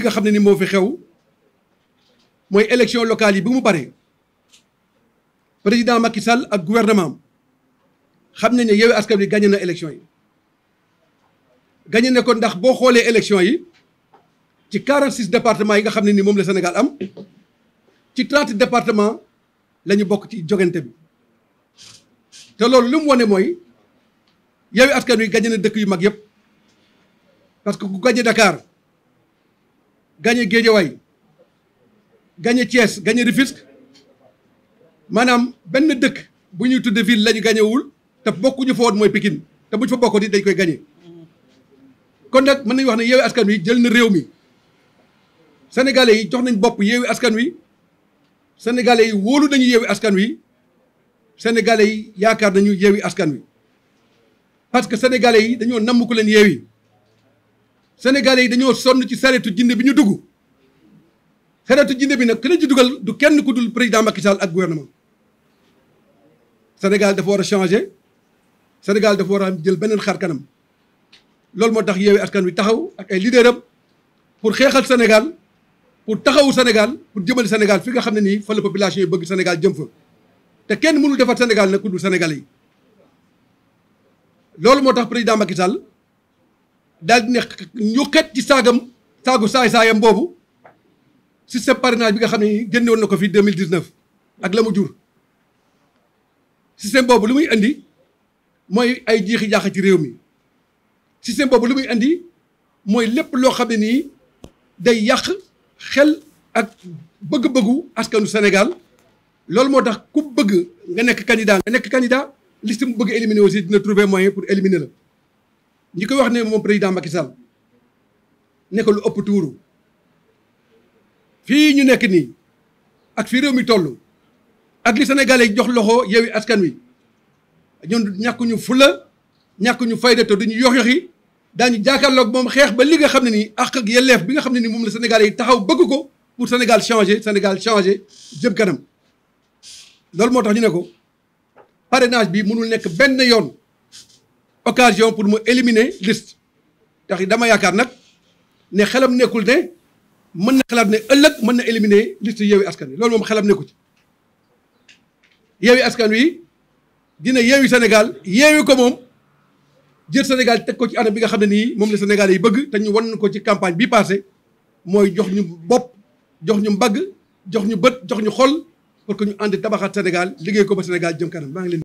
li nga xam ne ni moo fi xew mooy élection locale yi bu mu paree président Macky Sall ak gouvernement xam nañ ne Yewwi Askan Wi gagné na élection yi gagné na ko ndax boo xoolee élection yi ci 46 départements yi nga xam ne ni moom la Sénégal am ci 30 départements la bokk ci jogante bi te loolu li mu wane mooy Yewwi Askan Wi gagné na dëkk yu mag yëpp parce que ku gagné dakaar gagné Guédiawaye gagné Thiès gagné Rufisque maanaam benn dëkk bu ñuy tudde ville lañu ñu te bokkuñu fa mooy pikin te buñ fa bokkoon it dañ koy gagné kon nag mën na wax ne yeewi askan wi jël na réew mi sénégalais yi jox nañ bopp yeewi askan wi sénégalais yi wóolu nañu yeewi askan wi sénégalais yi yaakaar nañu yeewi askan wi parce que sénégalais yi dañoo namm leen yeewi sénégalais yi dañoo sonn ci saretu jinde bi ñu dugg saretu jinde bi nag ki ci dugal du kenn ku dul président Macky Sall ak gouvernement Sénégal dafa war a changer Sénégal dafa war a jël beneen xar kanam loolu moo tax yeewee askan wi taxaw ak ay leader am pour xeexal Sénégal pour taxawu Sénégal pour jëmale Sénégal fi nga xam ne nii fa la population yi bëgg Sénégal jëm fa te kenn mënul defar Sénégal nag ku dul Sénégalais yi loolu moo tax président Macky Sall daal di ne ñuqet ci saagam saagu saay-saayam boobu système parrainage bi nga xam ne génne woon na ko fii 2019 ak la mu jur système boobu lu muy indi mooy ay jiixi ci réew mi système boobu lu muy indi mooy lépp loo xam ne nii day yàq xel ak bëgg-bëggu askanu Sénégal loolu moo tax ku bëgg nga nekk candidat nga nekk candidat liste mu bëgg éliminer aussi dina trouver moyen pour éliminer la ñi koy wax ne moom président Macky Sall ne ko lu ëpp tuuru fii ñu nekk nii ak fii réew mi toll ak li Sénégalais yi jox loxo Yewwi Askan Wi ñun ñàkkuñu fula ñàkkuñu fayda te duñu yox yoxi daañu jàkkaarloog moom xeex ba li nga xam ne nii ak ak yelleef bi nga xam ne nii moom la Sénégalais yi taxaw bëgg ko pour Sénégal changé Sénégal changé jëm kanam loolu moo tax ñu ne ko parrainage bi mënul nekk benn yoon. occasion pour mu éliminer liste tax dama yaakaar nag ne xelam nekkul ne mën na xalaat ne ëllëg mën na éliminer list yeewi askan wi loolu moom xelam nekku ci yeewi askan wi dina yeewi Sénégal yeewi ko moom jël Sénégal teg ko ci anam bi nga xam ne nii moom la Sénégal yi bëgg te ñu wan ko ci campagne bi passé mooy jox ñu bopp jox ñu mbagg jox ñu bët jox ñu xol pour que ñu ànd tabaxaat Sénégal liggéey ko ba Sénégal jëm kanam maa ngi leen